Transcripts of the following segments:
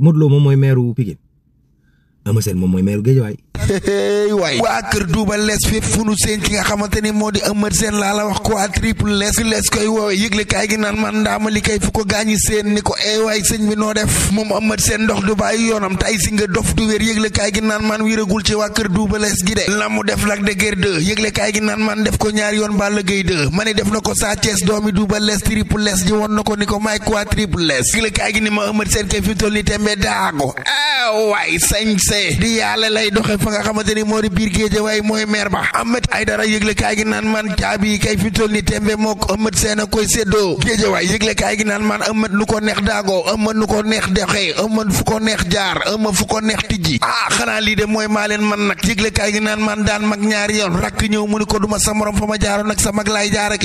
Modou Lo moom mooy meeru Pikine Eumeu Sène moom mooy meeru Guédiawaye waay waa kër duuba lees fépp fu nu seen ki nga xamante moo di Eumeu Sène laa la wax quoi triple lees lees koy woowe yëgle kaay gi naan man ndaama kay fu ko gaañi seen ni ko eewaay eh, sëñ bi noo def moom Eumeu Sène ndox du bàyyi yoonam tay si nga dof du wér yëgle kaay gi naan man wéragul ci waa kër duuba lees gi de la def lak de guerre 2 gi naan man def ko ñaari yoon Balla Gaye 2 ma ne def na ko Sa Thiès doomi duuba lees triple lees ji na ko ni ko may quoi triple ma Eumeu Sène kay fi toll nga xamante ni moo di biir Géejawaay mooy maire ba Ahmed Aïdara yëglekaay gi naan man caabi kay fi toll ni tembe mook Ahmed Sène a koy séddoo Géejawaay yëglekaay gi naan man Ahmed lu ko neex daagoo Ahmed lu ko neex doxee Ahmed fu ko neex jaar Ahmed fu ko neex tijji ah xanaa lii de mooy maa leen man nag yëglekaay gi naan man daan mag ñaari yoon rakk ñëw mu ni ko duma sa morom fa ma jaaroon nag sa mag laay jaar ak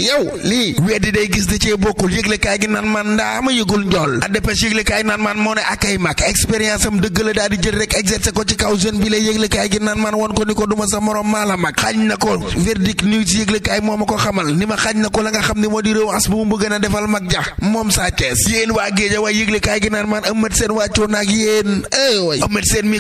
yëgul njool adépêche yëglekaay naan man moo ne akay mag expérience am dëgg la daal jël rek exercer ko ci kaw jeune bi yëglekaay gi naan man woon ko ni ko duma sa morom maa la mag xañ na ko verdict ni ci yëglekaay moo ma ko xamal ni ma xañ na ko la nga xam ne moo di réew as bu mu bëgg na defal mag ja moom Sa Thiès yéen eh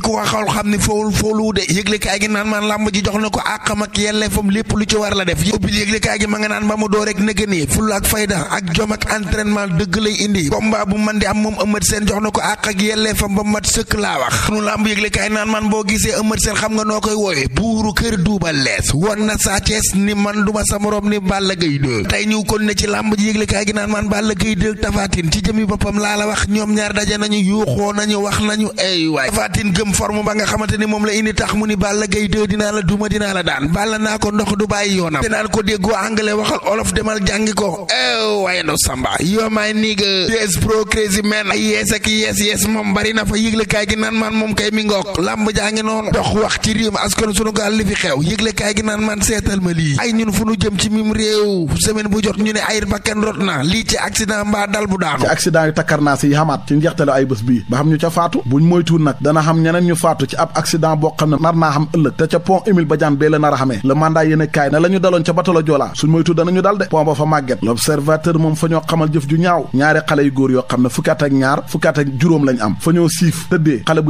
ko xam ni foowul foolu de yëglekaay gi naan man làmb ji jox na ko àqam ak yelleefam lépp lu ci war la def ubbi yëglekaay gi ma nga naan ba mu doo rek nëgë nii ful ak fayda ak jom ak entraînement dëgg lay indi combat bu man di am moom Eumeu Sène jox na ko xam nga noo koy woowe buuru kër duubal lees won na Sa Thiès ni man duma sa morom ni Balla Gaye 2 tey ñëw kon ne ci làmb ji yëglekaay gi naan man Balla Gaye 2 tafaatin ci jëmi boppam laa la wax ñoom ñaar daje nañu yuuxoo nañu wax nañu ay waay tafaatin gëm forme ba nga xamante ni moom la indi mu ni Balla Gaye 2 dinaa la duma dinaa la daan Balla naa ko ndox du bàyyi yoonam dinaan ko déggoo anglais waxal olof demal jàngi ko ew waaye no samba yoo maay niga yes pro crazy man ay yees ak yees yees moom bari na fa yëglekaay gi naan man moom kay mi ngook làmb jaa ngi noonu dox wax wax ci réew mi askan sunu gaal li xew yëgle kaay gi naan man seetal ma lii ay ñun fu nu jëm ci mim réew semaine bu jot ñu ne ay bakkan rot na lii ci accident mbaa dal bu daanu ci accident yu takkarnaas yi xamaat ci njeextale ay bés bii ba xam ñu ca faatu buñ moytuwul nag dana xam ñeneen ñu faatu ci ab accident boo xam ne nar naa xam ëllëg te ca pont Émile Badiane bee la nar a xamee le mandat yéen kaay na la ñu daloon ca batalo Joola suñ moytu danañu dal de pont ba fa màgget l'observateur moom fa ñoo xamal jëf ju ne fukkaat ak ñaar fukkaat ak juróom lañ am fa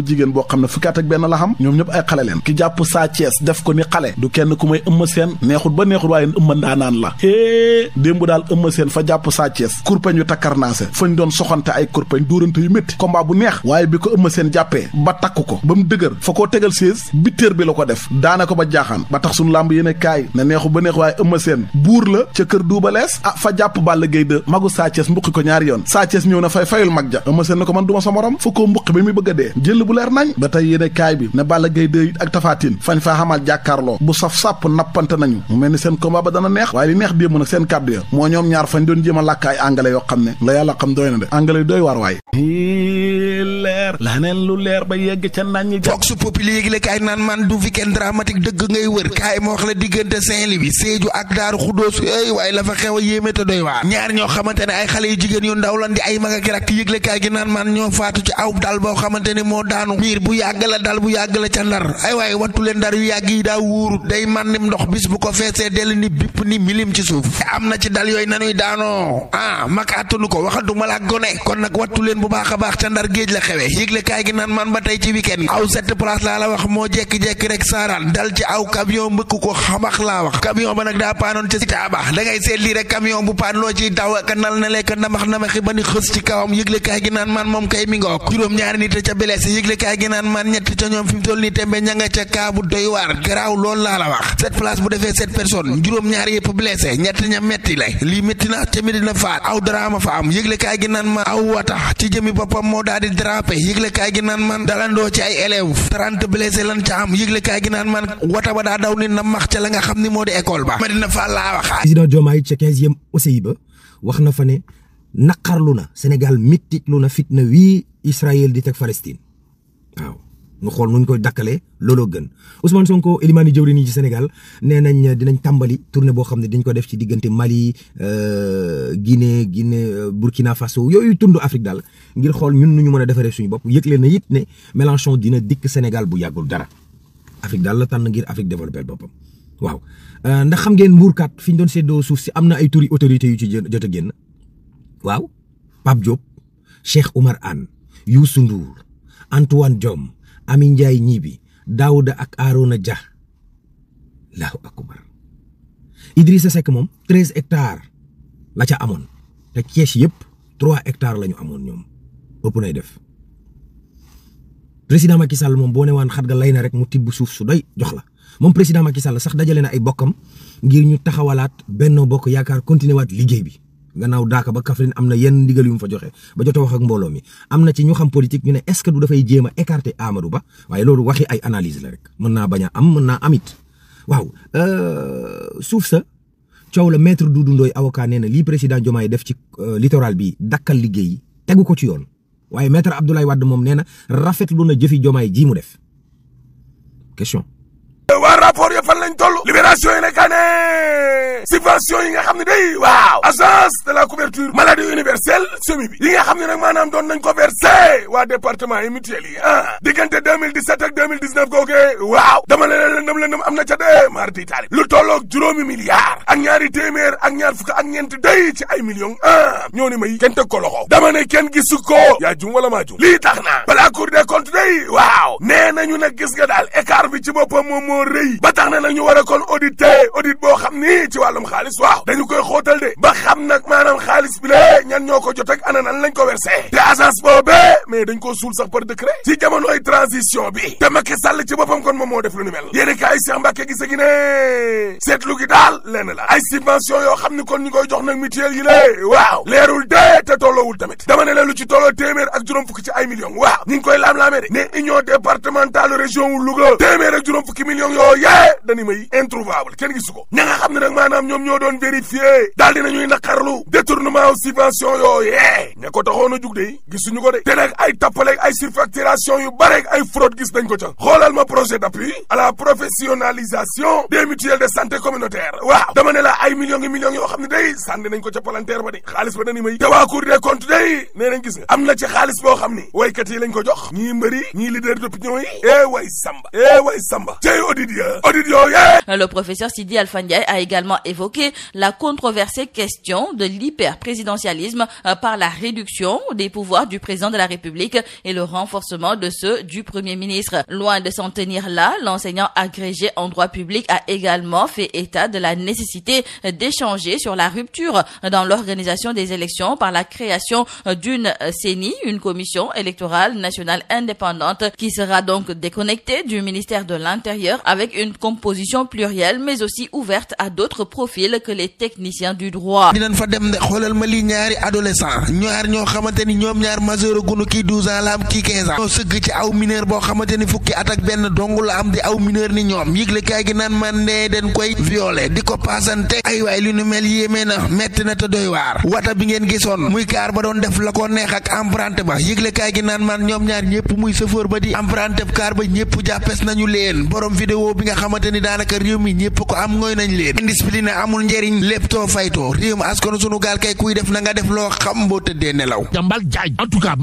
jigéen boo xam ne fukkaat ak benn la xam ñoom ñëpp neen ki jàpp Sa def ko ni xale du kenn ku may Eumeu Sène neexut ba neexut waaye Eumeu ndaanaan la é démb daal Eumeu fa jàpp Sa Thiès kurpeñ yu takkarnaase fañ doon soxante ay kurpeñ dóorante yu métti combat bu neex waaye bi ko Eumeu Sène jàppee ba takku ko ba mu dëgër fa koo tegal sées bittéer bi la ko def daana ko ba jaaxaan ba tax suñu làmb yéen kaay ne neexut ba neex waaye Eumeu Sène buur la ca kër duubalees ah fa jàpp Balla Gaye 2 magu Sa Thiès mbuqi ko ñaari yoon Sa ñëw na fay fayul mag ja Eumeu Sène ma sa morom fa koo mbuqi ba muy bëgg a dee bu leer nañ ba tey yéen kaay bi ne Balla Gaye ak tafaatin fañ faa xamal jàkkaarloo bu saf sàpp nappante nañu mu mel ni seen combat ba dana neex waaye li neex démb nag seen kàddu ya moo ñoom ñaar fañ doon jéem a làkk ay anglais yoo xam ne la yàlla xam doy na de anglais doy waar waaye leer laneen lu leer ba yegg ca naan ñi Vox Populi yéegile kaay naan man du weekend dramatique dëgg ngay wër kaay ma wax la diggante Saint-Louis Sédhiou ak Daaru Xuddoos ay waaye la fa xew a yéeme doy waar ñaar ñoo xamante ne ay xale yu jigéen yu ndaw lan di ay mag ak rakk yéegile naan man ñoo faatu ci aw dal boo xamante moo daanu miir bu yàgg la dal bu yàgg la ca ndar ay waaye wattu leen ndar yu yàgg yi daa wóorut day man nim ndox bis bu ko feesee dell ni na ci dal yooyu nanuy daanoo ah mag attanu ko waxatuma la a la xewee yëgle kaay gi naan man ba tey ci week aw sept place laa la wax moo jekki-jekki rek saaraan dal ci aw camion mbëkk ko xamax laa wax camion ba nag daa paanoon ca sitaaba da ngay lii rek camion bu paan loo ciy daw nal na lekk ndamax ndamaxi ba ni xës ci kawam yëgle gi naan man ñett ca ñoom fi mu toll nii tembe ña ca kaa doy waar garaaw loolu laa la wax sept place bu defee sept personnes juróom ñaar yëpp blessé ñett ña metti drapé yëglekaay gi naan man dalandoo ci ay élèves trente blessé lan ca am yëglekaay gi naan man wata ba daa daw nit na max ca la nga xam ni moo di école ba Medina Fall laa wax président Diomaye ca quinzième OCI ba wax na fa ne naqarlu na Sénégal mittitlu na fitna wii Israël di teg Palestine waaw ñu xool nuñ koy dakkalee looloo gën Ousmane Sonko Elimani jëwriñ yi ci Sénégal nee nañ dinañ tàmbali boo xam ne dañ ko def ci diggante Mali euh, Guinée Guinée euh, Burkina Faso yooyu tund Afrique daal ngir xool ñun nu ñu mën a defaree suñu bopp yëgle na it ne Mélenchon dina dikk Sénégal bu yàggul dara Afrique daal la tànn ngir Afrique développé boppam waaw. Euh, nda xam ngeen mbuurkat fi ñu doon séddoo suuf si am na ay turi autorités yu ci jot a génn waaw Pape Diop Cheikh Oumar Anne Youssou Ndour Antoine Diome Amin ñii bi daawuda ak Arouna Dia allahu akbar Idrissa Seck moom treize hectares la ca amoon te Thiès yëpp trois hectares la ñu amoon ñoom ëpp nay def président Macky Sall moom boo newaan xat ga lay na rek mu tibb suuf su doy jox la moom président Macky Sall sax dajale na ay bokkam ngir ñu taxawalaat Benno Bokk Yaakaar continuer waat liggéey bi gannaaw daaka ba Kaffrine am na yenn ndigal yu mu fa joxe ba jot a wax ak mbooloo mi am na ci ñu xam politique ñu ne est-ce que du dafay jéem a écarter Amadou Ba waaye loolu waxi ay analyse la rek mën naa bañ a am mën naa amit waaw euh, suuf sa coow la maître Doudou Ndoye avocat nee na lii président Diomaye def ci euh, littoral bi dakkal liggéey yi tegu ko ci yoon waaye maître Abdoulaye Wade moom nee na rafetlu na jëfi Diomaye jii mu def question. Eh, waa rapport ya fan lañ toll libération yi nekkaa ne subvention yi nga xam ne day waaw agence de la couverture maladie universelle semi bi yi nga xam ne nag maanaam doon nañ ko versé waa département yi mutuelle yi ah diggante 2017 ak 2019 googee waaw dama ne leen lëndëm am na ca dee mardi taali lu tolloog juróomi milliards ak ñaari téeméer ak ñaar fukk ak ñeent day ci ay millions ah ñoo ni may kenn teg ko loxo dama ne kenn gisu ko yaa jum wala moo rëy ba tax na nag ñu war a kon audité audit boo xam ni ci wàllum xaalis waaw dañu koy xóotal de ba xam nag maanaam xaalis bi ñan ñoo ko jot ak ana lañ ko versé te agence boobee mais dañ koo suul sax par décret ci jamonoy transition bi te Macky Sall ci boppam kon moom moo def lu ni mel yéeni kaay Cheikh Mbacké gise gi ne seetlu gi daal lenn la ay subvention yoo xam ni kon ñu koy jox nag mutuelle yi lée waaw leerul dee de ne union départementale région wu Louga téeméer ñoom yoo yee dañu may introuvable kenn gisu ko ña nga xam ne nag maanaam ñoom ñoo doon vérifié daal dinañuy naqarlu détournement wu subvention yoo yee ña ko taxoon a jug de ñu ko de te nag ay tappaleeg ay surfacturation yu bareeg ay fraude gis dañ ko ca xoolal ma projet d'appui à la professionnalisation des mutuelles de santé communautaire waaw dama ne la ay millions ngi millions yoo xam ne day sànni nañ ko ca palanteer ba de xaalis ba dañu may te waa Cour des comptes day nee yi lañ ko jox ñii mbëri ñii leader d'opinion yi eh, samba eh, audit le professeur Sidi Alpha a également évoqué la controversée question de l'hyperprésidentialisme euh, par la réduction des pouvoirs du président de la République et le renforcement de ceux du Premier ministre. Loin de s'en tenir là, l'enseignant agrégé en droit public a également fait état de la nécessité d'échanger sur la rupture dans l'organisation des élections par la création d'une CENI, une commission électorale nationale indépendante qui sera donc déconnectée de l'Intérieur avec une composition plurielle mais aussi ouverte à d'autres profils que les techniciens du droit. dinañ fa dem de xoolal ma li ñaari adolescent ñaar ñoo xamante ni ñoom ñaar majeur gunu kii 12 ans la am kii 15 ans. ñoo sëgg ci aw mineur boo xamante ni fukki at ak benn dong la am di aw mineur ni ñoom yëgle kaay gi naan man de dañ koy violé di ko paasante ay waay lu nu mel yéeme na metti na te doy waar wata bi ngeen gisoon muy kaar ba doon def la ko neex ak emprunté ba yëgle gi naan man ñoom ñaar ñëpp muy chauffeur ba di emprunté kaar ba ñëpp jàppes nañu leen vidéo bi nga xamante ni daanaka réew mi ñépp ko am ngooy nañ leen indiscipline amul njëriñ lépp faytoo réew mi askan sunu gaal kay kuy def na nga def loo xam boo tëddee nelaw Madiambal Diagne en tout cas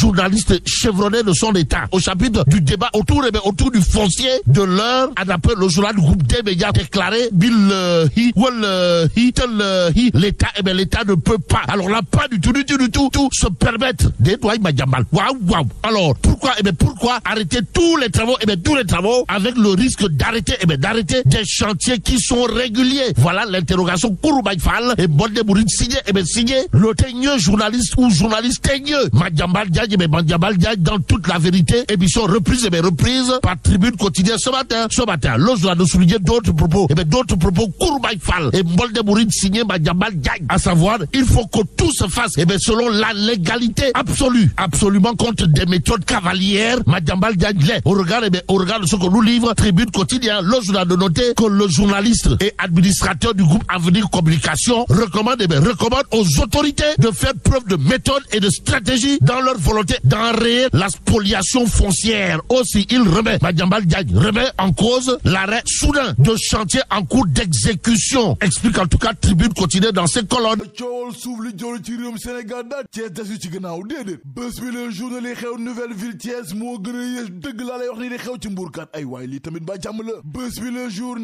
journaliste chevronné de son état au chapitre du débat autour et eh bien autour du foncier de l'heure a d'après le journal du groupe des médias déclaré billahi wallahi tallahi l'état et eh bien l'état ne peut pas alors là pas du tout du tout du se permettre dédoy Madiambal waaw waaw alors pourquoi eh avec le risque d'arrêter et eh bien d'arrêter des chantiers qui sont réguliers. Voilà l'interrogation Kouroubaïfal et Bondé Bourine signé et eh bien signé ou journaliste teigneux. Madjambal eh Madjambal Diagne dans toute la vérité. Émission reprise et eh bien reprise par Tribune quotidienne ce matin. Ce matin, le journal de d'autres propos. Et eh bien d'autres propos Kouroubaïfal Madjambal Diagne. À savoir, il faut que tout se fasse et selon la légalité absolue. Absolument livre Tribune Quotidien, le journal de noter que le journaliste et administrateur du groupe Avenir Communication recommande, eh bien, recommande aux autorités de faire preuve de méthode et de stratégie dans leur volonté d'enrayer la spoliation foncière. Aussi, il remet, Madiambal Diagne remet en cause l'arrêt soudain de chantier en cours d'exécution. Explique en tout cas Tribune Quotidien dans ses colonnes. Nouvelle-Ville Thiès moo gën a yées dëgg laa lay wax ni di xew ci Mbour kat ay waay waaye lii tamit ba jàmm la bés bi le jour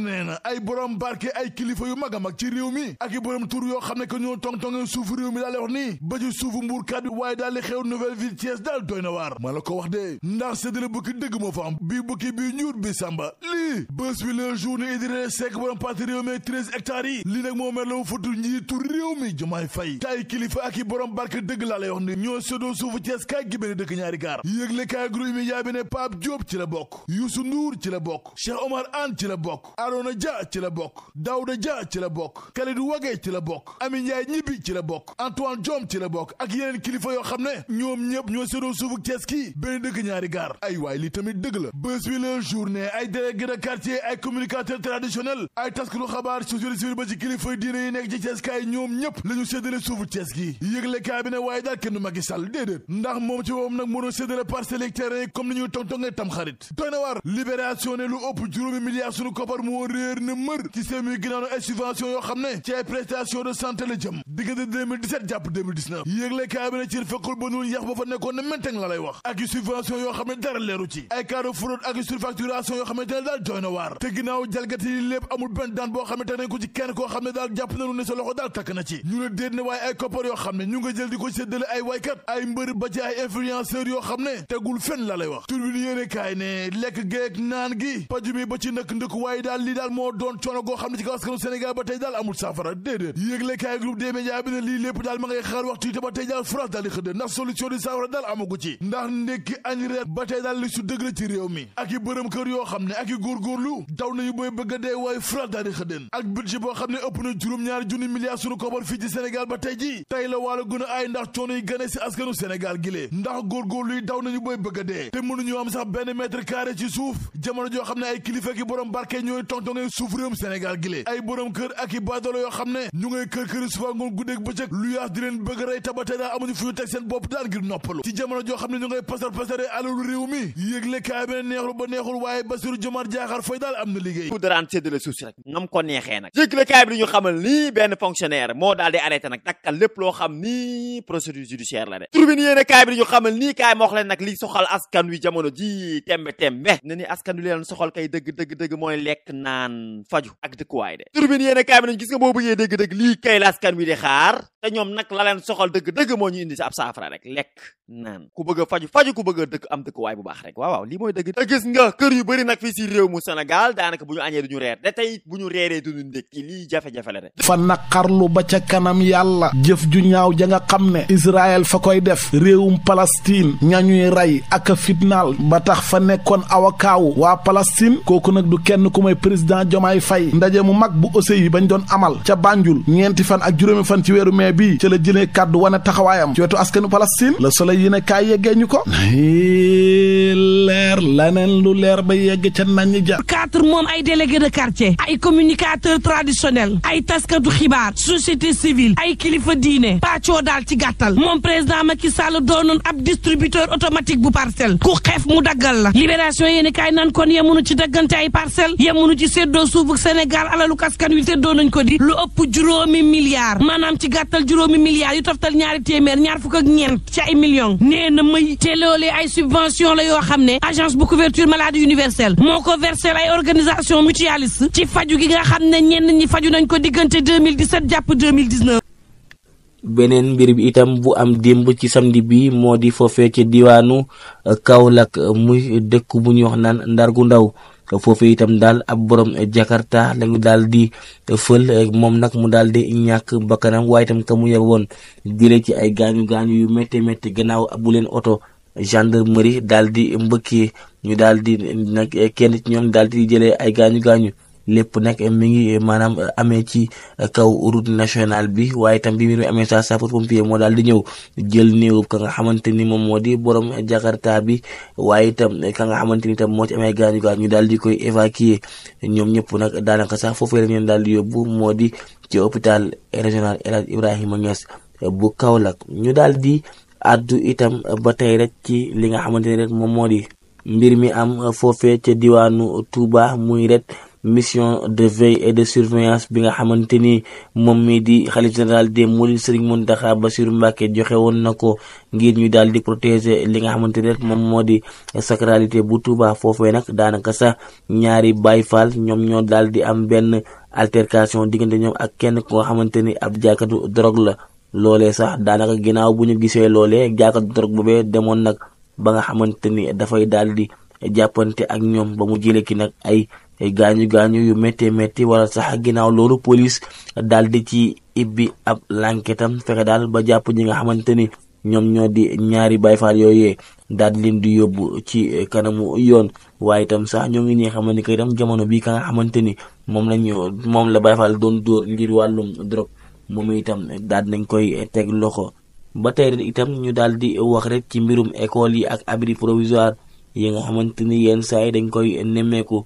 ay borom barke ay kilifa yu mag a mag ci réew mi ak i borom tur yoo xam ne que ñoo tongtonge suufu réew mi daal di wax nii ba ci suufu mbuurkat bi waaye daal di xew nouvelle ville Thiès daal doy na waar maa la ko wax de ndax séddale bukki dëgg moo fa am bukki bii ñuut bi sàmba lii bés bi le jour ne Idrissa borom parti réew mi treize hectares yi lii nag moo la futu njiitu réew mi Diomaye Faye te ay kilifa ak i borom barke dëgg laa lay ni ñoo séddoo ci la bokk Cheikh Omar Anne ci la bokk Arona Dia ci la bokk Daouda Dia ci la bokk Kalidou Wage ci la bokk Amin Ndiaye ñibbi ci la bokk Antoine Diome ci la bokk ak yeneen kilifa yoo xam ne ñoom ñëpp ñoo séddoo suufu Cees ki benn dëkk ñaari gaar ay waay li tamit dëgg la bés bi la journée ay délégué de quartier ay communicateur traditionnel ay taskatu xabaar société civile ba ci kilifa diine yi nekk ci Cees kaay ñoom ñëpp la ñu séddale suufu Cees gi yëgle kaay bi ne waaye daal kenn du Macky Sall déedéet moo doon séddale parcelles hectares yi comme ni ñuy tongtongee tam xarit doy na waar Libération ne lu ci yoo xam ne ci ay prestation de santé la jëm diggante 2017 jàpp 2019 yéegle kaay bi ne ci fekkul ba ñuul yax ba fa nekkoon ne menteng la wax ak yu subvention yoo xam ne dara leeru ci ay cas de ak yu surfacturation yoo xamante ne daal jooy na waar te ginnaaw jalgati yi lépp amul benn daan boo xam ne teg nañ ko ci kenn koo xam ne daal jàpp na lu ne sa loxo daal takk na ci ñu ne déet ne waaye ay koppar yoo xam ne ñu nga jël di ko séddale ay waykat ay mbër ba ci ay influenceurs yoo xam ne tegul fenn la lay wax tur naan gi paju mi ba ci nëkk ndëkk waaye daal lii daal moo doon coono goo xam ne ci kaw askanu Sénégal ba tey daal amul saafara déedéet yéegle kaay groupe des médias bi lii lépp daal ma ngay xaar waxtu yi te ba tey daal France daal di xëdd ndax solution di saafara daal amagu ci ndax ndekki añ reer ba tey daal li su dëgg réew mi ak i bërëm kër yoo xam ne ak i góorgóorlu daw nañu booy bëgg a dee waaye France daal di xëddeen ak budget boo xam ne ëpp na juróom-ñaari junni milliards sunu kobar fii ci Sénégal ba tey ji tey la waala gën a aay ndax coono yi gëne si askanu Sénégal gilee ndax góorgóorlu yi daw nañu bëgg a dee te mënuñu am sax benn mètre jamono joo xam ne ay kilifa ki borom barke ñooy tongtongee suuf réewum Sénégal gi ay borom kër ak i baadolo yoo xam ne ñu ngay kër këri sufa ngoon guddeeg lu yaas di leen bëgg rey tabatee daa amuñu fu ñu teg seen bopp daal ngir noppalu ci jamono joo xam ne ñu ngay pasar pasare alalu réew mi yëgle kaay bi neexul ba neexul nii benn fonctionnaire moo daal di arrêté nag dakkal lépp loo xam nii procédure judiciaire la de tribune yéene kaay ñu xamal nii kaay li leen soxal kay dëgg dëgg dëgg mooy lekk naan faju ak dëkkuwaay de turbine yéen kaay bi nañ gis nga boo bëggee dëgg-dëgg lii kay laaskan wi di xaar te ñoom nag la leen soxal dëgg-dëgg moo ñu indi si ab saafara rek lekk naan ku bëgg a faju faju ku bëgg dëkk am dëkkuwaay bu baax rek waaw waaw lii mooy dëgg a gis nga kër yu bëri nag fii si réew mu Sénégal daanaka bu ñu añee duñu reer da tey bu ñu reeree duñu ndékki lii jafe-jafe la de fa naqarlu ba ca kanam yàlla ju ñaaw ja nga xam ne Israël fa koy def réewum Palestine ñañuy rey ak fitnaal ba tax fa nekkoon waa Palestine kooku nag du kenn ku may président Jomaay Fay ndaje mu mag bu OCI bañ doon amal ca Banjul ñeenti fan ak juróomi fan ci weeru mai bii ca la jëlee kàddu wane taxawaayam ci wetu askanu Palestine la Soleil yi ne kaay yeggee ñu ko maire laneen lu leer ba yegg ca nañ ja quatre moom ay délégué de quartier ay communicateur traditionnel ay taskatu xibaar société civile ay kilifa diine pàccoo daal ci gàttal moom président Macky Sall doonoon ab distributeur automatique bu parcelle ku xeef mu daggal la libération yéeni kaay nan kon yemunu ci daggante ay parcelle yemunu ci séddoo suufu Sénégal alalu kaskan wi séddoo nañ ko di lu ëpp juróomi milliards maanaam ci gàttal juróomi milliards yu toftal ñaari téeméer ñaar agence bu couverture maladie universelle moo ko versé ay organisation mutualiste ci faju gi nga xam ne ñenn ñi faju nañ ko diggante 2017 jàpp 2019. beneen mbir bi itam bu am démb ci samedi bi moo di foofee ci diwaanu euh, Kaolack euh, muy dëkku bu ñuy wax naan ndar gu ndaw foofee itam daal ab borom euh, Jakarta lañu daal di fël moom nag mu daal di ñàkk bakkanam waaye itam ka mu yor woon jëlee ci ay gaañu gaañu yu métti métti gannaaw bu leen oto. gendarmerie daal di mbëkkee ñu daal di nag eh, kenn ñoom daal di jëlee ay gaañu gaañu lépp nag eh, mi ngi eh, maanaam amee ci kaw route nationale bi waaye tam bi bi amee sa sapeur pompier moo daal di ñëw jël néew ka nga xamante ni moom moo di borom jakarta bi waaye itam ka nga xamante ni tam moo ci amee gaañu gaañu daal di koy évacuer ñoom ñëpp nag daanaka sax foofee la ñu daal di yóbbu moo di ci hôpital régional El Hadj Ibrahima ngees bu Kaolack ñu daal addu itam ba tey rek ci li nga xamante ne rek moom moo di mbir mi am foofee ca diwaanu Touba muy rek mission de veille et de surveillance bi nga xamante ni moom mi di xalif général des mourides Serigne Mountakha Bassirou Mbacké joxe woon na ko ngir ñu daal di protéger li nga xamante ni rek moom moo di sacralité bu Touba foofee nag daanaka sax ñaari Baay Faal ñoom ñoo daal di am benn altercation diggante ñoom ak kenn koo xamante ni ab jaakatu drogue la loole sax daanaka ginnaaw bu ñu gisee loolee jaakatu drogue boobee demoon nag ba nga xamante ni dafay daal di jàppante ak ñoom ba mu jëlee ki nag ay gaañu gaañu yu méttee métti wala sax a ginnaaw loolu police daal di ci ibbi ab lànketam fexe daal ba jàpp ñi nga xamante ni ñoom ñoo di ñaari bayfaal yooyee daal di leen di yóbbu ci kanamu yoon waaye itam sax ñoo ngi ñi nga xamante ni itam jamono bii ka nga xamante ni moom lañu moom la bayfaal doon dóor ngir wàllum drogue. moom itam daal nañ koy teg loxo ba tey itam ñu daal di wax rek ci mbirum école yi ak abri provisoire yi nga xamante ni yenn saa yi dañ koy nemmeeku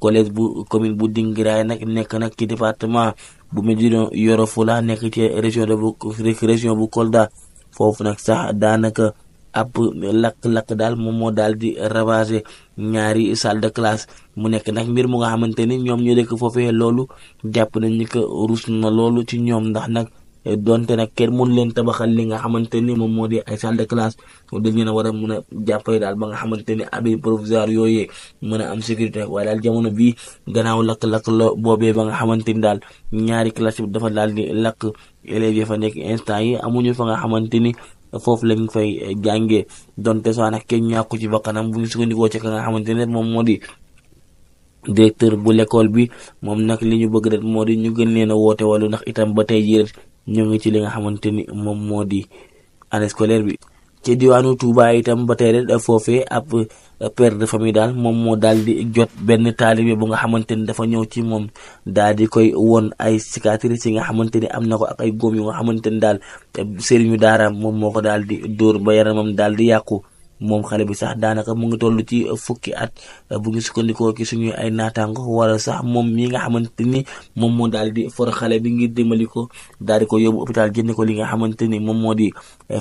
collège bu commune bu Dingiraay nag nekk nag ci département bu Médina Yoro laa nekk ci région de bu région bu Kolda foofu nag sax daanaka. ab lakk-lakk daal moom moo daal di ravager ñaari salle de classe mu nekk nag mbir mu nga xamante ni ñoom ñu dëkk foofee loolu jàpp nañ ni que rus na loolu ci ñoom ndax nag donte nag kenn mun leen tabaxal li nga xamante ni moom moo di ay salle de classe dañ leen a war a mun a jàppale daal ba nga xamante ni abri provisoire yooyee mën a am sécurité waaye daal jamono bii ganaaw lakk-lakk la boobee ba nga xamante ni daal ñaari classe bi dafa daal di lakk élèves yi fa nekk instant yi amuñu fa nga xamante ni foofu la ñu fay eh, jàngee donte soo nag kenn ñàkku ci bakkanam bu ñu sukkandikoo ci ka nga xamante ne moom moo di directeur bu l'école bi moom nag li ñu bëgg rek moo di ñu gën leen a woote wàllu ndax itam ba tey jii rek ñu ngi ci li nga xamante ni moom moo di année scolaire bi. ci diwaanu Touba itam ba tey foofee ab père de famille daal moom moo daal di jot benn taalibe bu nga xamante ni dafa ñëw ci moom daal di koy won ay cicatrices yi nga xamante ni am na ko ak ay góom yu nga xamante ni daal sëriñu daara moom moo ko daal di dóor ba yaramam daal di yàqu. moom xale bi sax daanaka mu ngi tollu ci fukki at bu ñu sukkandikoo ci suñu ay naataango wala sax moom mii nga xamante ni moom moo daal di for xale bi ngir dimbali ko daal di ko yóbbu hôpital jënd ko li nga xamante ni moom moo di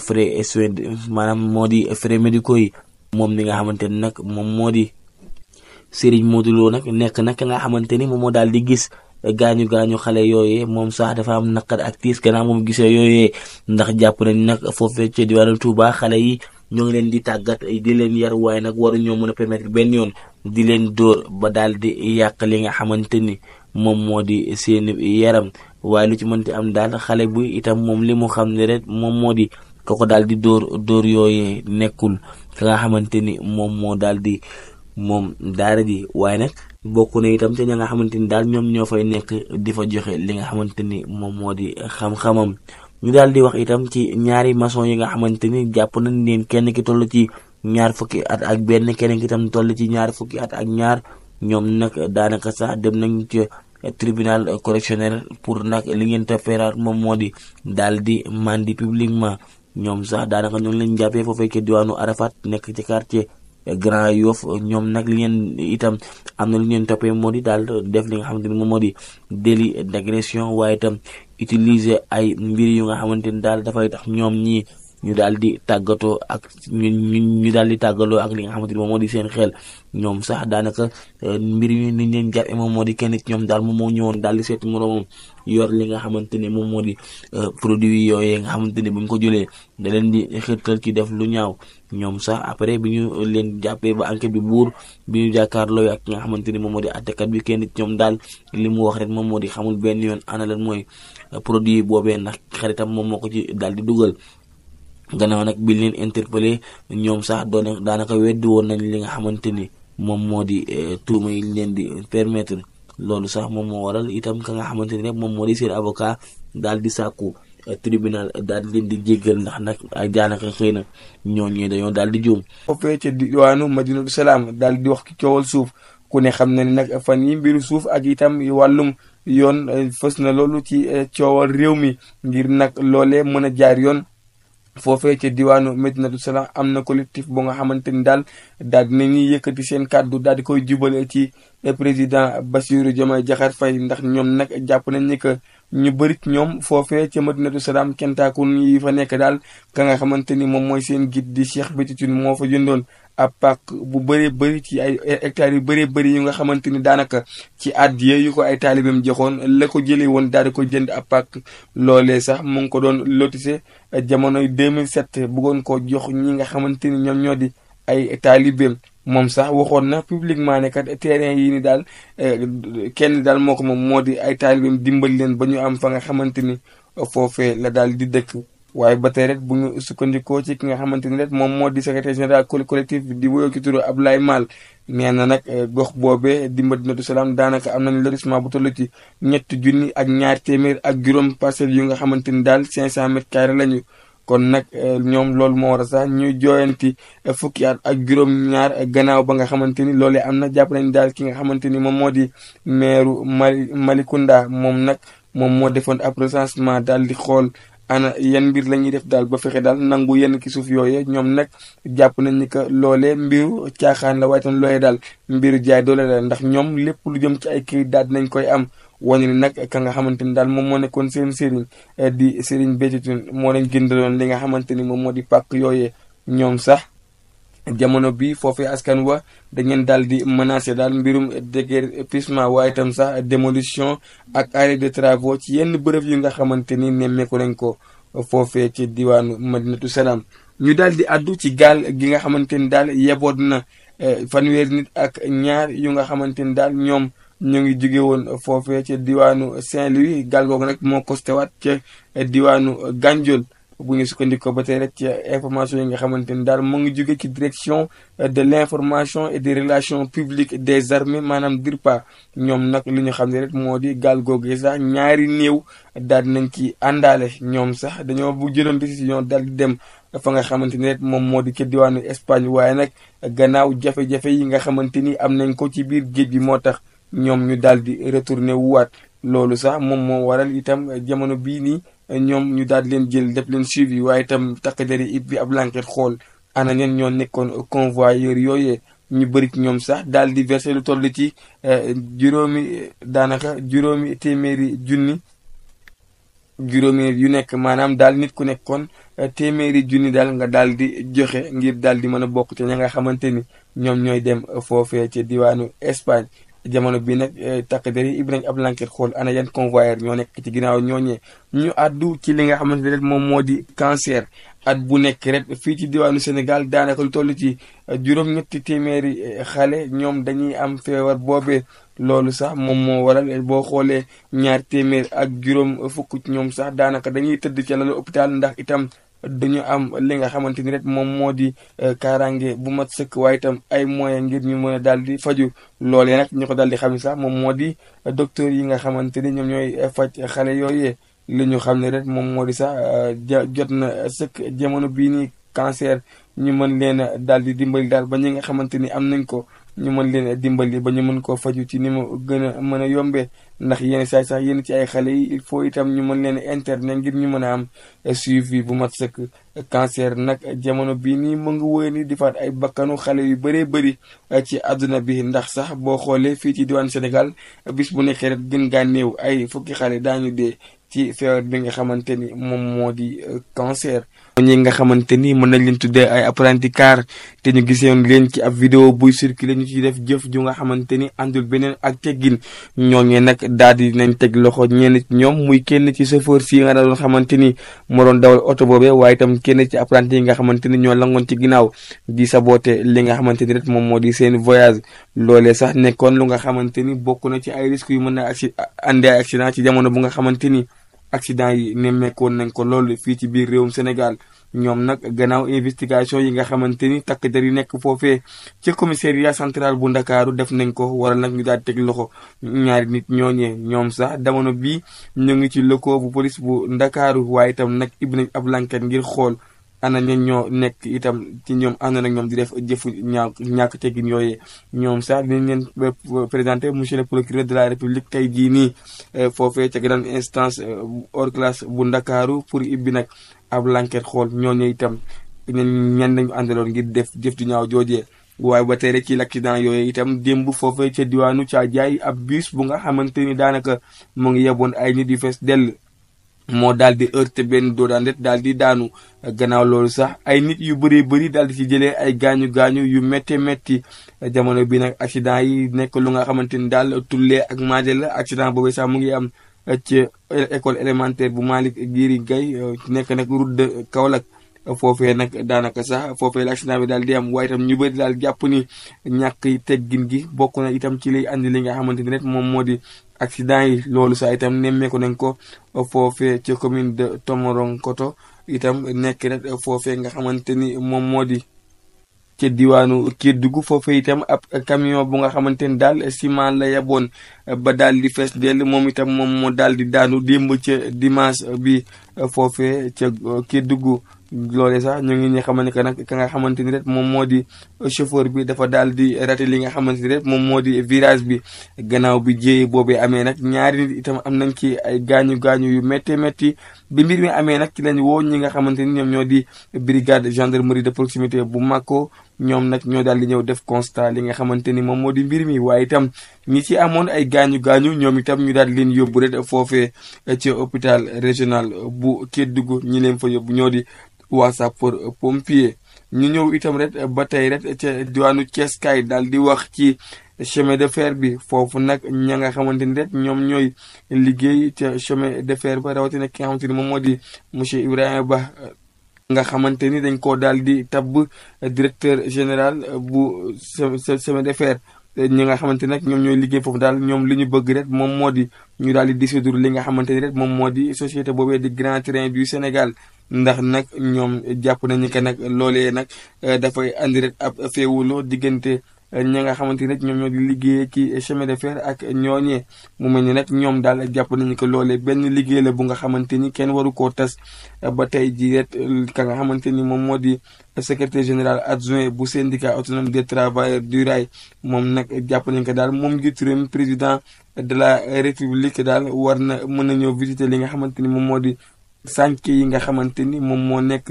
frais maanaam moo di frais médicaux yi moom mi nga xamante ni nag moom moo di Serigne Modou Lo nag nekk nag nga xamante ni moom moo daal di gis. gaañu gaañu xale yooyee moom sax dafa am naqar ak tiis gannaaw moom gisee yooyee ndax jàpp nañ nag foofee ca diwaanu Tuuba xale yi ñoo ngi leen di tàggat di leen yar waaye nag war ñoo mën a permettre benn yoon di leen dóor ba daal di yàq li nga xamante ni moom moo di seen yaram waaye lu ci mënti am daal xale bi itam moom li mu xam ne rek moom moo di koko daal di dóor dóor yooyee nekkul ka xamante ni moom moo daal di moom daara ji waaye nag bokk na itam te ña nga xamante ni daal ñoom ñoo fay nekk di fa joxe li nga xamante ni moom moo di xam-xamam ñu daal di wax itam ci ñaari maçon yi nga xamante ni jàpp nañ leen kenn ki toll ci ñaar fukki at ak benn keneen ki itam toll ci ñaar fukki at ak ñaar ñoom nag daanaka sax dem nañ ci tribunal correctionnel pour nag li ngeen tafeeraat moom moo di daal di mandi publiquement ñoom sax daanaka ñoom lañ jàppee foofee ci diwaanu Arafat nekk ci quartier Grand Yoff ñoom nag li ngeen itam am na lu ngeen toppee moo di daal def li nga xamante ni moom moo di délit d'agression waaye itam utiliser ay mbir yu nga xamante ni daal dafay tax ñoom ñii ñu daal di tàggatoo ak ñu daal di tàggaloo ak li nga xamante ni moom moo di seen xel ñoom sax daanaka euh, mbir mi ni leen jàppee moom moo di kenn ñoom daal moom moo ñëwoon daal di seeti moroomam li nga xamante ne moom moo di euh, produit yooyee nga xamante ne bu ñu ko jëlee da leen di xirtal ci def lu ñaaw ñoom sax après bi ñu leen jàppee ba enquête bi buur bi ñu jàkkaarloo ak nga xamante ni moom moo di àttekat bi kenn ñoom daal li mu wax rek moom moo di xamul benn yoon ana leen mooy euh, produit boobee ndax xaritam moom moo ko ci daal di dugal ganaaw nag bi leen interpellé ñoom sax doone daanaka weddi woon nañ li nga xamante ni moom moo di eh, tuuma yi leen di permettre loolu sax moom moo waral itam ka nga xamante ni moom moo di seen avocat daal di sàkku eh, tribunal daal di leen di jéggal ndax nag ay daanaka xëy na ñooñu dañoo daal di juum. foofee ca diwaanu Madinatu Salaam daal di wax ki coowal suuf ku ne xam na ni nag fan yi mbiru suuf ak itam wàllum yoon eh, fës na loolu ci coowal réew mi ngir nag loolee mën a jaar yoon. foofee ca diwaanu Medinatu Salaam am na collectif bu nga xamante ni daal daal dinañuy yëkkati seen kàddu daal di koy jubale ci président Bassirou Diomaye Diakhar fay ndax ñoom nag jàpp nañ ni que ñu bëri ñoom foofee ca Medinatu Salaam kentaakun yi fa nekk daal ka nga xamante ni moom mooy seen guide di Cheikh Béthio Thioune moo fa jëndoon ab pàkk bu bëree bëri ci ay hectares yu bëree bëri yu nga xamante ni daanaka ci addiya yu ko ay taalibeem joxoon la ko jëlee woon daal di ko jënd ab pàkk loole sax mu ngi ko doon lotise jamonoy 2007 bëggoon ko jox ñi nga xamante ni ñoom ñoo di ay taalibeem moom sax waxoon na publiquement nekka kat yi ni daal eh, kenn daal moo ko moom moo di ay taalibeem dimbali leen ba ñu am fa nga xamante ni foofee la daal di dëkk waaye ba tey rek bu ñu sukkandikoo ci ki nga xamante ni rek moom moo di secrétaire général collectif di wuyoo ci turu lay Mal nee na nag eh, gox boobee di du Salaam daanaka am nañu lotissement bu toll ci ñetti junni ak ñaar téeméer ak juróom parcelles yu nga xamante ni daal 500 mètres carrés lañu. kon nag eh, ñoom loolu moo war a sax ñuy jooyanti eh, fukki at ak juróom-ñaar gannaaw ba nga xamante ni loolee am na jàpp nañ daal ki nga xamante ni moom moo di maire Mali Malicounda moom nag moom moo defoon ab recensement daal di xool. ana yan mbir la ñuy def daal ba fexe daal nangu yenn ki suuf yooyee ñoom nag jàpp nañ ni que loolee mbiru caaxaan la waaye tam loolee daal mbiru jaay doole la ndax ñoom lépp lu jëm ci ay kayit daal nañ koy am wane ni nag ka nga xamante ni daal moom moo nekkoon seen sëriñ eh, di sëriñ Béthio Thioune moo leen gëndaloon li nga xamante ni moom moo di pàkk yooyee ñoom sax jamono bi foofee askan wa da ngeen daal di menacer daal mbirum déguerpissement waaye itam sax démolition ak arrêt de travaux ci yenn bërëb yu nga xamante ni nemmeeku nañ ko foofee ci diwaanu Madinatu Salaam ñu daal di àddu ci gaal gi nga xamante ni daal yeboot na eh, fanweer nit ak ñaar yu nga xamante ni daal ñoom ñu ngi jóge woon foofee ca diwaanu Saint-Louis gaal googu nag moo kostewaat ca diwaanu Gandiol bu ñu sukkandikoo ba te rek ci information yi nga xamante ni daal moo ngi jóge ci direction euh, de l'information et des relations publiques des armées maanaam DIRPA ñoom nag li ñu xam ne rek moo di gaal googu sax ñaari néew daal nañ ci àndaale ñoom sax dañoo bu jëloon décision daal di dem fa nga xamante ni moom moo di ca diwaanu Espagne waaye nag gannaaw jafe-jafe yi nga xamante ni am nañ ko ci biir géej bi moo tax ñoom ñu daal di retourné wuwaat loolu sax moom moo waral itam jamono bii nii. ñoom ñu daal leen jël def leen suivi waaye tam takk der yi it bi ab lanket xool ana ñen ñoo nekkoon convoyeur yooyee ñu bëri ci ñoom sax daal di verser lu toll ci eh, juróomi daanaka juróomi téeméeri junni juróomi yu nekk maanaam daal nit ku nekkoon eh, téeméeri junni daal nga daal di joxe ngir daal di mën a bokk ci ña nga xamante ni ñoom ñooy dem foofee ca diwaanu Espagne jamono bi nag eh, takk der yi ibbi ab lanket xool ana yan convoyeur ñoo nekk ci ginnaaw ñooñee ñu àddu ci li nga xamante ne moom moo di cancer at bu nekk rek fii ci diwaanu Sénégal daanaka lu toll ci eh, juróom-ñetti téeméeri eh, xale ñoom dañuy am feebar boobe loolu sax moom moo waral boo xoolee ñaar téeméer ak juróom fukk ñoom sax daanaka dañuy tëdd ca lalu hôpital ndax itam dañu am li nga xamante ni rek moom moo di euh, kaaraange bu mat sëkk waaye itam ay moyens ngir ñu mën a daal di faju loolee nag ñu ko daal di xam sax moom moo di euh, docteur yi nga xamante ni ñoom ñooy euh, faj xale yooyee li ñu xam ne rek moom moo di sax jot na sëkk jamono bii nii cancer ñu mën leen a daal di dimbali daal ba ñi nga xamante ni am nañ ko ñu mën leen a dimbali ba ñu mën koo faju ci ni mu gën a mën a yombee ndax yenn saay sax yenn ci ay xale yi il faut itam ñu mën leen internet ngir ñu mën a am eh, suivi bu mat sëkk cancer nag jamono bii nii mu ngi wóy ni di faat ay bakkanu xale yu bëree bëri eh, ci àdduna bi ndax sax boo xoolee fii ci diwaan Sénégal bis bu nekkee rek gën gaa néew ay fukki xale daañu dee ci feebar bi nga xamante ni moom moo di eh, cancer ñi nga xamante ni mën nañ leen tuddee ay apprenti car te ñu gisoon leen ci ab vidéo buy circulé ñu ci def jëf ju nga xamante ni àndul beneen ak teggin ñooñee nag daal di nañ teg loxo ñenn ñoom muy kenn ci chauffeur si nga doon xamante ni moo doon dawal oto boobe waaye itam kenn ci apprenti yi nga xamante ni ñoo langoon ci ginnaaw di saboté li nga xamante ni rek moom moo di seen voyage loole sax nekkoon lu nga xamante ni bokk na ci ay risques yu mën a andi ay accident ci jamono bu nga xamante ni accident yi nemmeekoon nañ ko lool fii ci biir réewum Sénégal ñoom nag gannaaw investigation yi nga xamante ni takk der yi nekk foofee ci commissariat central bu ndakaaru def nañ ko waral nag ñu daal di teg loxo ñaari nit ñooñee ñoom sax damono bii ñu ngi ci lëkkoo bu police bu ndakaaru waaye itam nag ibbi nañ ab lanket ngir xool ana ña ñoo nekk itam ci ñoom ànd nag ñoom di def jëfu ñaaw ñàkk teggin yooyee ñoom sax dinañ leen présenté monsieur le procureur de la république tey jii nii euh, foofee ca grande instance euh, hors classe bu ndakaaru pour ibbi nag ab lanket xool ñoo ñooñu itam ñen ñan nañu àndaloon ngir def jëf ju ñaaw joojee waaye ba tey rek ci l'accident yooyu itam démb foofee ca diwaanu ca jaay ab bus bu nga xamante ni daanaka mu ngi yeboon ay nit yi fees dell moo daal di heurté benn doodandet daal di daanu gannaaw loolu sax ay nit yu bëree bëri daal di ci jëlee ay gaañu gaañu yu métti métti jamono bi nag accident yi nekk lu nga xamante ni daal tullee ak maaje la accident boobu sax mu ngi am ci école élémentaire bu Malick Guiri gay nekk nag route de Kaolack foofee nag daanaka sax foofee la accident bi daal di am waaye itam ñu bëri daal jàpp ni ñàkk teggin gi bokk na itam ci lay andi li nga xamante ni rek moom moo di accident yi loolu sax itam nemmeeku nañ ko foofee ci commune de Tomboronkoto itam nekk rek foofee nga xamante ni moom moo di ca diwaanu Kédougou foofee itam ab camion bu nga xamante ni daal ciment la yaboon ba daal di fees dell moom itam moom daal di daanu démb ca dimanche bi foofee ca Kédougou loolee sax ñoo ngi ñi xamante que nag ka nga xamante ni rek moom moo di chauffeur bi dafa daal di raté li nga xamante ni rek moom moo di virage bi gannaaw bi jéeye boobee amee nag ñaari nit itam am nañ ci ay gaañu gaañu yu métti métti bi mbir mi amee nag ci lañ woo ñi nga xamante ni ñoom ñoo di brigade gendarmerie de proximité bu Màkko ñoom nag ñoo daal di ñëw def constant li nga xamante ni moom moo di mbir mi waaye itam ñi ci amoon ay gaañu gaañu ñoom itam ñu daal di leen yóbbu rek foofee ci hôpital régional bu Kédougou ñi leen fa yóbbu ñoo di waa sapeur pompier. ñu ñëw itam rek ba tey rek ca diwaanu Thiès kaay daal di wax ci chemin de fer bi foofu nag ña nga xamante ni ñoom ñooy liggéey ca chemin de fer ba rawatina ki nga xamante ni moom moo di monsieur Ibrahima Ba. nga xamante ni dañ koo daal di tabb directeur général bu SEMEDEFER ñi nga xamante nag ñoom ñooy liggéey foofu daal ñoom li ñu bëgg rek moom moo di ñu daal di dissoudre li nga xamante ni rek moom moo di société boobee di Grand Train du Sénégal ndax nag ñoom jàpp nañu que nag loolee nag euh, dafay andi rek ab féewuloo diggante ñi nga xamante ne ñoom ñoo di liggéey ci chemin de fer ak ñooñee mu mel ni nag ñoom daal jàpp nañu ko loole benn liggéey la bu nga xamante ni kenn waru koo tas ba tey ji ka nga xamante ni moom moo di secrétaire général adjoint bu syndicat autonome des travailleurs du rail moom nag jàpp nañ ko daal moom njiitu président de la république daal war na mën na ñëw visiter li nga xamante ni moom moo di sànq yi nga xamante ni moom moo nekk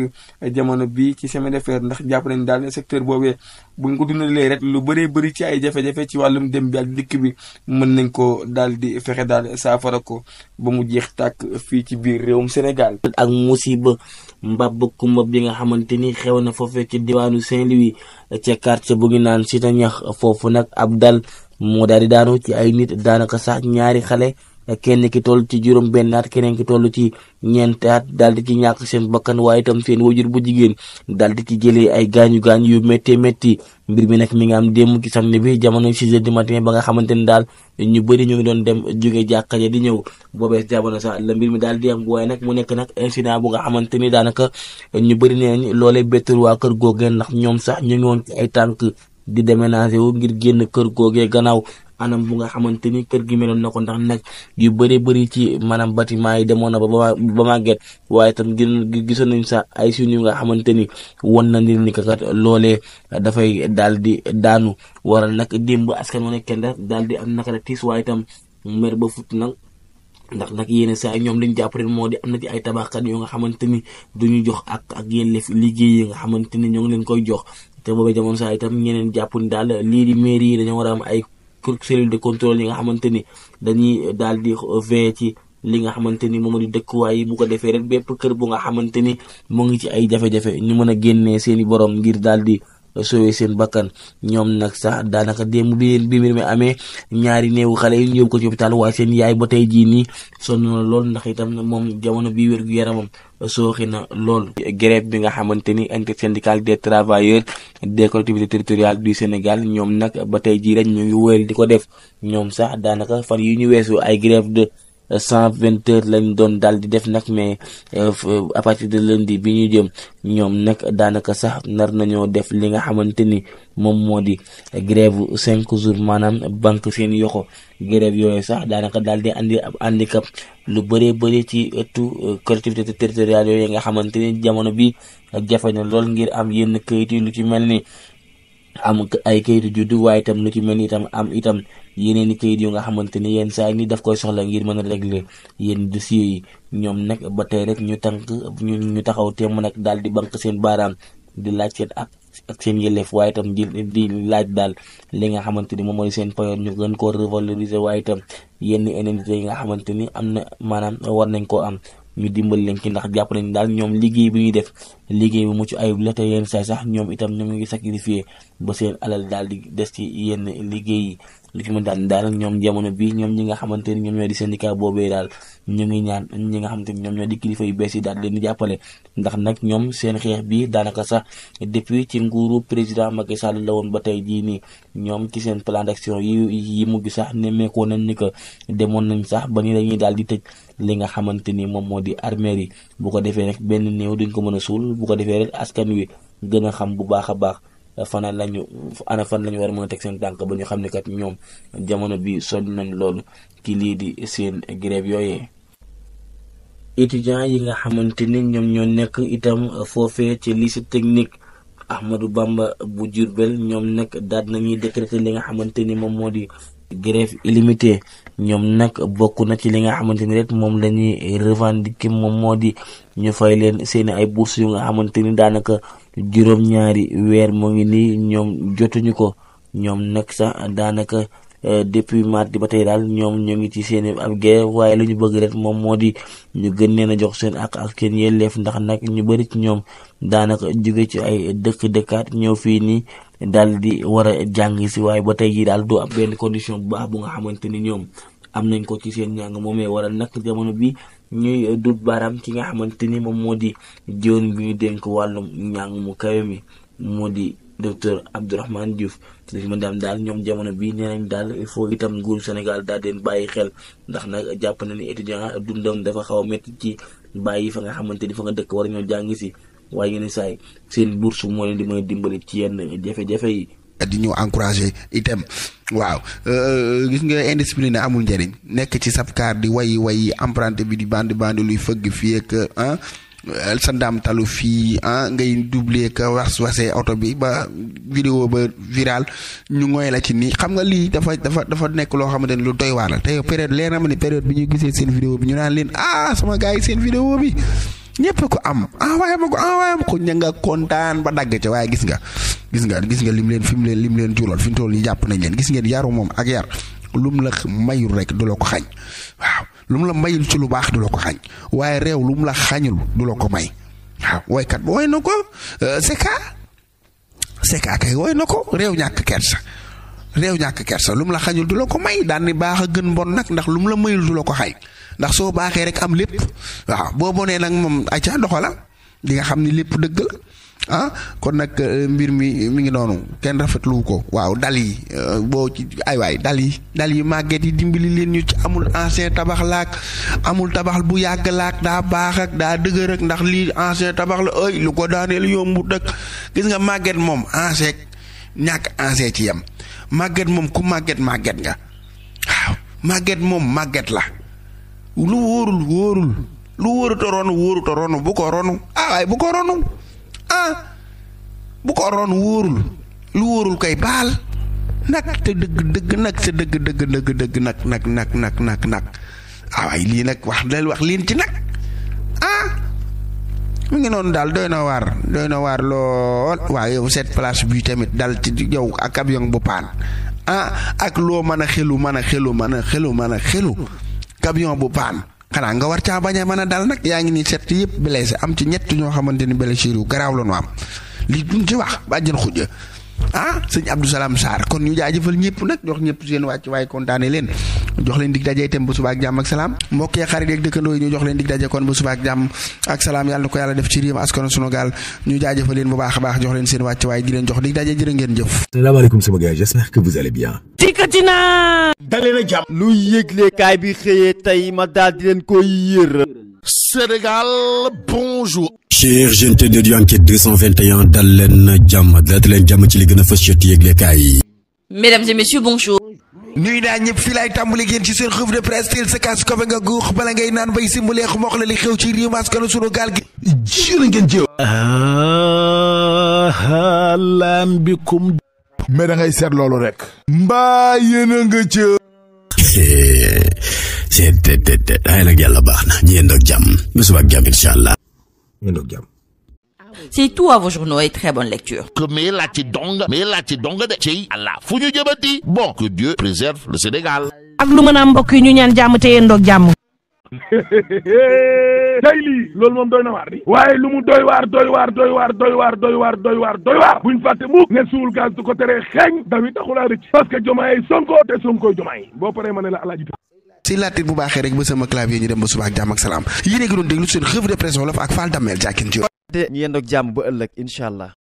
jamono bi ci chemin de ndax jàpp nañ daal ne secteur boobee buñ ko dundalee rek lu baree bëri ci ay jafe-jafe ci wàllum dem bi ak dikk bi mën nañ ko daal di fexe daal saafara ko ba mu jeex tàkk fii ci biir réewum Sénégal. ak musiba mbab kumba bi nga xamante ni xew na foofee ci diwaanu Saint-Louis ca quartier bu ngi naan Cité Ñax foofu nag ab dal moo daal di daanu ci ay nit daanaka saak ñaari xale. kenn ki toll ci juróom benn at keneen ki toll ci ñeenti at daal di ci ñàkk seen bakkan waaye itam seen wajur bu jigéen daal di ci jëlee ay gaañu gaañ yu méttee métti mbir mi nag mi nga am démb ci samedi bi jamono six heures du matin nga xamante ni daal ñu bëri ñu ngi doon dem jóge jàkka ja di ñëw boobees jamono sax la mbir mi daal di am waaye nag mu nekk nag incident bu nga xamante ni daanaka ñu bëri nee nañ loolee bettul waa kër googee ndax ñoom sax ñu ngi woon ci ay tànk di déménager wu ngir génn kër googee gannaaw anam bu nga xamante ni kër gi meloon na ko ndax nag yu bëri bëri ci maanaam bâtiment yi demoon na ba ba màgget waaye tam gi gisoon nañ sax ay suñu nga xamante ni won na ni ni kat loolee dafay daal di daanu waral nag démb askan wu nekkee ndax daal di am naka la tiis tam mer ba nag ndax nag yéen saa ñoom liñ jàpp rek moo di am na ci ay tabaxkat yoo nga xamante ni ñu jox ak ak yelleef liggéey yi nga xamante ni ñoo ngi koy jox te boobu jamono saa itam ñeneen jàpp ni daal lii di mairie yi dañoo war am ay cellule de contrôle yi nga xamante ni dañuy daal di veiller ci li nga xamante ni moom di dëkkuwaay yi bu ko defee rek bépp kër bu nga xamante ni mu ngi ci ay jafe-jafe ñu mën a génnee seeni borom ngir daal di sauvé seen bakkan ñoom nag sax daanaka démb bi leen bi mbir amee ñaari néewu xale yi ñu yóbbu ko ci hôpital waaye seen yaay ba tey jii nii son na lool ndax itam moom jamono bii wér-gu-yaramam sooxi na lool. grève bi nga xamante ni intersyndicale des travailleurs des collectivités territoriales du Sénégal ñoom nag ba tey jii rek ñu ngi wéyal di ko def ñoom sax daanaka fan yi ñu weesu ay grève de cent vingt heures lañ doon daal di def nag mais euh, euh, à partir de lundi bi ñu jëm ñoom nag daanaka sax nar nañoo def li nga xamante ni moom moo di grève cinq jours maanaam banque seen yoxo grève yooyu sax daanaka daal di andi ab handicap lu bëree bëri ci ëttu euh, collectivité territoriale yooyu nga xamante ni jamono bi jafe na lool ngir am yenn kayit yi lu ci mel ni am ay kayitu juddu waaye itam lu ci mel ni itam am itam yeneen i kayit yu nga xamante ni yenn saa yi ni daf koy soxla ngir mën a régler yenn dossiers yi ñoom nag ba tey rek ñu tànk ñu ñu taxaw temm nag daal di bank seen baaraam di laaj seen ak ak seen yëleef waaye itam di di laaj daal li nga xamante ni moom mooy seen payoor ñu gën koo revaloriser waaye itam yenn indemnités yi nga xamante ni am na maanaam war nañ koo am ñu dimbali leen ci ndax jàpp nañ daal ñoom liggéey bi ñuy def liggéey bu mucc ayib la te yenn saay sax ñoom itam ñoom ngi sacrifié ba seen alal daal di des ci yenn liggéey yi li fi mu daal daal ñoom jamono bi ñoom ñi nga xamante ni ñoom ñoo di syndicat boobee daal ñu ngi ñaan ñi nga xamante ni ñoom ñoo di kilifa yu bees yi daal leen di jàppale ndax nag ñoom seen xeex bi daanaka sax depuis ci nguuru président Macky Sall la woon ba tey jii nii ñoom ci seen plan d'action yi yi mujj sax nemmeekoo nañ ni que demoon nañ sax ba ni dañuy daal di tëj li nga xamante ni moom moo di armée yi bu ko defee rek benn néew duñ ko mën a suul bu ko defee rek askan wi gën a xam bu baax a baax fana lañu ana fan lañu war a mën a teg seen tànk ba ñu xam ne kat ñoom jamono bi sonn nañ loolu ci lii di seen grève yooyee étudiants yi nga xamante ni ñoom ñoo nekk itam foofee ci si technique Ahmadou Bamba bu Diourbel ñoom nag daat nañuy décréter li nga xamante ni moom moo di grève illimitée ñoom nag bokk na ci li nga xamante ni rek moom la ñuy revendiquer moom moo di ñu fay leen seen ay bourses yu nga xamante ni daanaka juróom-ñaari weer moo ngi nii ñoom jotuñu ko ñoom nag sax daanaka euh, depuis mardi ba tey daal ñoom ñoo ngi ci seen ab guerre waaye lu ñu bëgg rek moom moo di ñu gën leen a jox seen ak ak seen yelleef ndax nag ñu bëri ci ñoom daanaka jóge ci ay dëkk dëkkaat ñëw fii nii. daal di war a jàng si waaye ba tey jii daal du am benn condition bu baax bu nga xamante ni ñoom am nañ ko ci seen njàng mais waral nag jamono bi ñuy du baaraam ki nga xamante ni moom moo di jiwoon bi ñu dénk wàllum njàng mu kawe mi moo di docteur Abdourahmane Diouf li ma daam daal ñoom jamono bi nee daal il faut itam nguuru Sénégal daal deen bàyyi xel ndax nag jàpp na ni étudiant dundam dafa xaw a métti ci bàyyi fa nga xamante ni fa nga dëkk war a ñoo jàng si waaye yenn saa yi seen bourse moo di mën a ci yenn jafe-jafe yi. di ñu encouragé itam waaw euh, gis nga indiscipline amul njëriñ nekk ci sab kaar di way way emprunté bi di bandi bandi luy fëgg fii ak ah sa ndaam talu fii ah ngay doublé ka was wasee oto bi ba vidéo ba viral ñu ngoy la ci nii xam nga lii dafa dafa dafa nekk loo xamante ni lu doy waar la te période leer na ma ne période bi ñu gisee seen vidéo bi ñu naa leen ah sama gars yi seen vidéo bi. ñépp ko am envoyé ma ko envoyé ma ko ña kon kontaan ba dagg ca waaye gis nga gis nga gis nga lim leen fi mu leen lim leen jural fi mu toll nii jàpp nañ leen gis ngeen yaru moom ak yar lum la mayul rek du la ko xañ waaw lum la mayul ci lu baax du la ko xañ waaye réew lum la xañul du la ko may woykat ba na ko euh, Seka Seka kay woy na ko réew ñàkk kersa réew ñàkk kersa lum la xañul du la ko may daan ni baax a gën bon nag ndax lum la mayul du la ko xañ ndax soo baaxee rek am lépp waaw boo bonee nag moom ayca doxala li nga xam ni lépp dëgg la ah kon nag euh, mbir mi mi ngi noonu kenn rafetlu ko waaw dal yi euh, boo ci ay waay dal yi dal yi màgget yi dimbali leen ñu ci amul ancien tabax laak amul tabax bu yàgg laak daa baax ak daa dëgër ak ndax lii ancien tabax la ay lu ko daaneel yombu dëkk gis nga màgget moom ancien ñàkk ancien ci yem màgget moom ku màgget màgget nga waaw màgget moom màgget la lu wóorul wóorul lu wóoruta ronu wóoruta ronu ah, bu ko ronu ah bu ko ronu wóorul lu wóorul koy baal nag te dëgg dëgg nag te dëgg dëgg dëgg dëgg nag nag nag nag nag nag ah waaye lii nag wax del wax liin ci nag ah mu ngi noonu daal doy na waar doy na waar lool waaw yow cette place bi tamit dal ci yow ak avion bu paan ah ak loo mën a xelu mën a xelu mën a xelu mën a xelu camion bu paan xanaa nga war caa bañ a mën a dal nag yaa ngi nii set yëpp blessé am ci ñett ñoo xamante ni blessure yu garaaw la ñu am li duñ ci wax bàjjen xujja ah sëñ Abdou Salam Sarr kon ñu jaajëfal ñëpp nag jox ñëpp seen wàcc waaye kontaane leen jox leen dig dajee itam ba suba ak jàmm ak salaam mbokkee xarit yeeg dëkkandoo ñu jox leen dig daje kon ba suba ak jàmm ak salaam yàlla na ko yàlla def ci réew askanu sono gaal ñu jaajëfal leen bu baax a baax jox leen seen wàcc waay di leen jox dig daje jërë ngeen jëf. salaamaaleykum sama gars j'espère que vous allez bien. dikkati naa. dalee na jàmm. lu yëglekaay tey ma daal di leen koy yër. Sénégal bonjour. cher jeune ténor yu enquête 221 dal leen jàmm dalate leen jàmm ci li gën a fës jot yëglekaay yi mesdames et messieurs bonjour nuy naa ñëpp fii laay tàmbali génn ci seen revue de presse teel sa kaas kofe nga guux bala ngay naan bay simbuleex moox la li xew ci réew maskanu sunu gaal gi jërë ngeen jëw ahlan bikum mais da seet loolu rek mbaa yéen a nga ca seet te te te nag yàlla baax na ñu yendoo ak jàmm ba suba jàmm incha allah ñu ndoog jàmm C'est tout à vos journaux et très bonne lecture. Que mais la ci dong mais la dong de ci Allah fu ñu jëmati bon que Dieu préserve le Sénégal ak lu mën a mbokk yi ñu ñaan jàmm te yéen ndoog jàmm tey lii loolu moom doy na waar di waaye lu mu doy waar doy waar doy waar doy waar doy waar doy waar doy waar buñ fàtte mukk ne suul gaz du ko teree xeeñ dawi taxulaa rëcc parce que jomaay Sonko te Sonko jomaay boo paree ma ne la alaaji si laatit bu baaxee rek ba sama clavier ñu dem ba suba ak salaam yéen a ngi doon déglu seen revue de presse wolof ak Fall Damel jàkkin ci ñu yendoog jàmm ba ëllëg incha